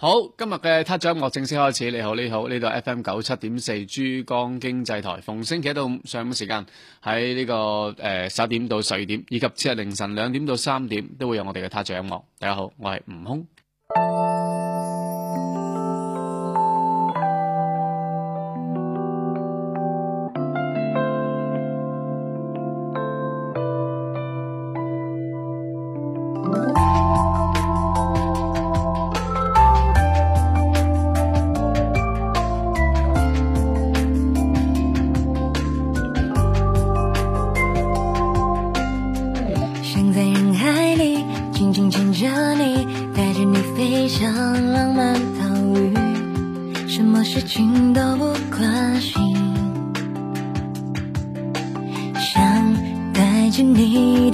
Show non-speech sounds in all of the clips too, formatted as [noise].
好，今日嘅 Touch 音樂正式開始。你好，你好，呢度 F M 九七點四珠江經濟台。逢星期一到五上午時間，喺呢、這個誒十、呃、點到十二點，以及次日凌晨兩點到三點，都會有我哋嘅 Touch 音樂。大家好，我係悟空。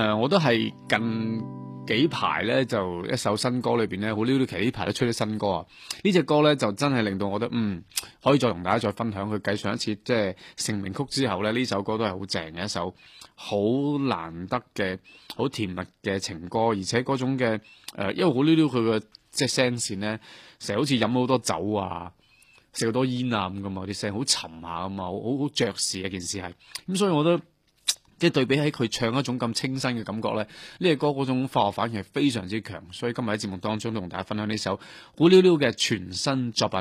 誒、呃，我都係近幾排咧，就一首新歌裏邊咧，好 Lulu 其呢排都出咗新歌啊！歌呢隻歌咧就真係令到我覺得，嗯，可以再同大家再分享佢繼上一次即係成名曲之後咧，呢首歌都係好正嘅一首，好難得嘅好甜蜜嘅情歌，而且嗰種嘅，誒、呃，因為 [music] 呢好 Lulu 佢嘅即係聲線咧，成日好似飲好多酒啊，食好多煙啊咁啊，啊，啲聲好沉下噶啊，好好爵士嘅一件事係，咁，嗯、所以我覺得。即係對比起佢唱一種咁清新嘅感覺咧，呢隻歌種化學反應係非常之強，所以今日喺節目當中同大家分享呢首古溜溜嘅全新作品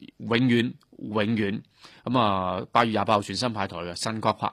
《永遠永遠》咁啊，八月廿八號全新派台嘅新歌拍。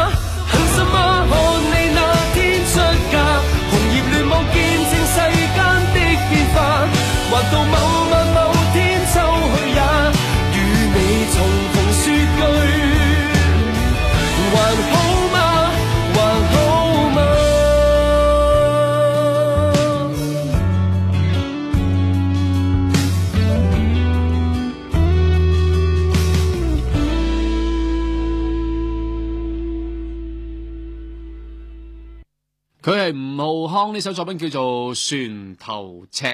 浩康呢首作品叫做船頭尺》，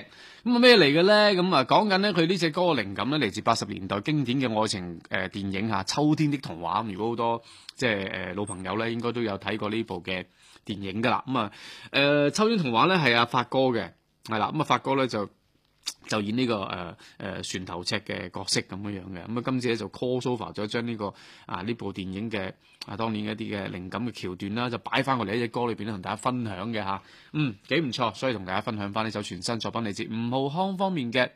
咁啊咩嚟嘅咧？咁啊講緊呢，佢呢隻歌嘅靈感咧嚟自八十年代經典嘅愛情誒電影吓《秋天的童話》。如果好多即係誒老朋友咧，應該都有睇過呢部嘅電影噶啦。咁啊誒《秋天童話的》咧係阿發哥嘅係啦。咁啊發哥咧就。就演呢、這個誒誒、呃呃、船頭尺嘅角色咁樣樣嘅，咁啊今次咧就 call sofa 咗將呢、這個啊呢部電影嘅啊當年的一啲嘅靈感嘅橋段啦、啊，就擺翻過嚟。呢隻歌裏邊咧同大家分享嘅吓，嗯幾唔錯，所以同大家分享翻呢首全新作品嚟自吳浩康方面嘅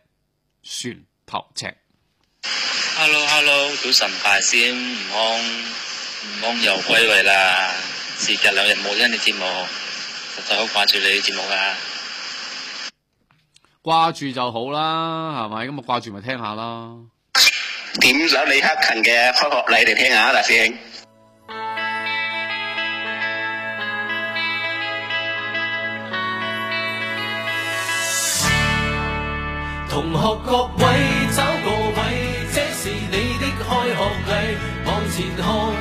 船頭尺。Hello Hello，早晨大仙，吳康，吳康又歸位啦，時隔兩日冇聽你節目，實在好掛住你節目㗎！掛住就好啦，係咪？咁啊掛住咪聽下囉。點想李克勤嘅開學禮嚟聽下大師兄。同學各位找個位，這是你的開學禮，往前看。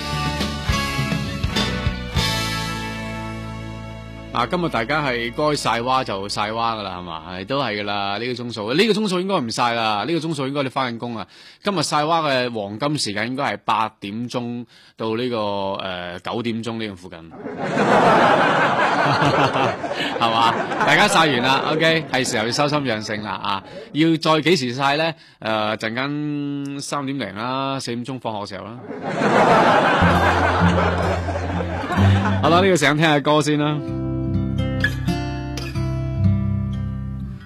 啊，今日大家係該晒娃，就晒娃噶啦，係嘛，係都係噶啦，呢、這個鐘數，呢、這個鐘數應該唔晒啦，呢、這個鐘數應該你翻緊工啊。今日晒娃嘅黃金時間應該係八點鐘到呢、這個誒九、呃、點鐘呢個附近，係嘛？ [laughs] [laughs] 大家晒完啦 [laughs] ，OK，係時候要收心養性啦啊！要再幾時晒咧？誒、呃，陣間三點零啦，四點鐘放學時候啦。 [laughs] [laughs] 好啦，呢、這個時間聽下歌先啦。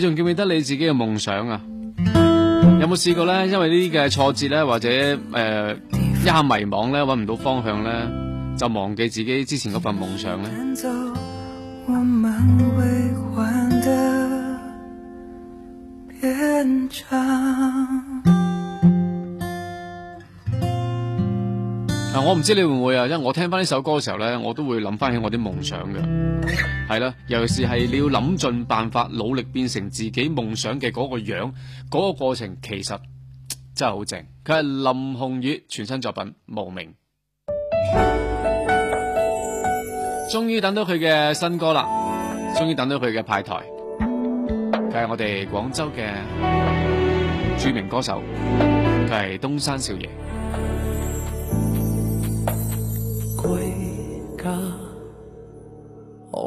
你仲記唔記得你自己嘅夢想啊？有冇試過咧？因為呢啲嘅挫折咧，或者誒、呃、一下迷茫咧，揾唔到方向咧，就忘記自己之前嗰份夢想咧？嗱、啊，我唔知你會唔會啊，因為我聽翻呢首歌嘅時候咧，我都會諗翻起我啲夢想嘅，係啦，尤其是係你要諗盡辦法努力變成自己夢想嘅嗰個樣，嗰個過程其實真係好正。佢係林鴻宇全新作品《無名》，終於等到佢嘅新歌啦，終於等到佢嘅派台。佢係我哋廣州嘅著名歌手，佢係東山少爺。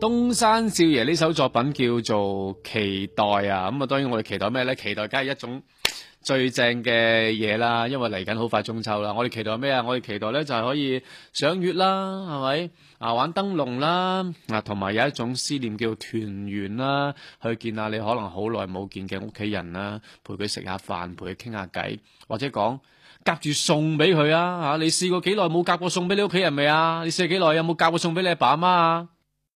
東山少爺呢首作品叫做期待啊，咁啊，當然我哋期待咩咧？期待梗係一種最正嘅嘢啦，因為嚟緊好快中秋啦。我哋期待咩啊？我哋期待咧就係可以賞月啦，係咪啊？玩燈籠啦，啊，同埋有一種思念叫團圓啦，去見下你可能好耐冇見嘅屋企人啦，陪佢食下飯，陪佢傾下偈，或者講夾住送俾佢啊。吓，你試過幾耐冇夾過送俾你屋企人未啊？你試過幾耐有冇夾過送俾你阿爸阿媽啊？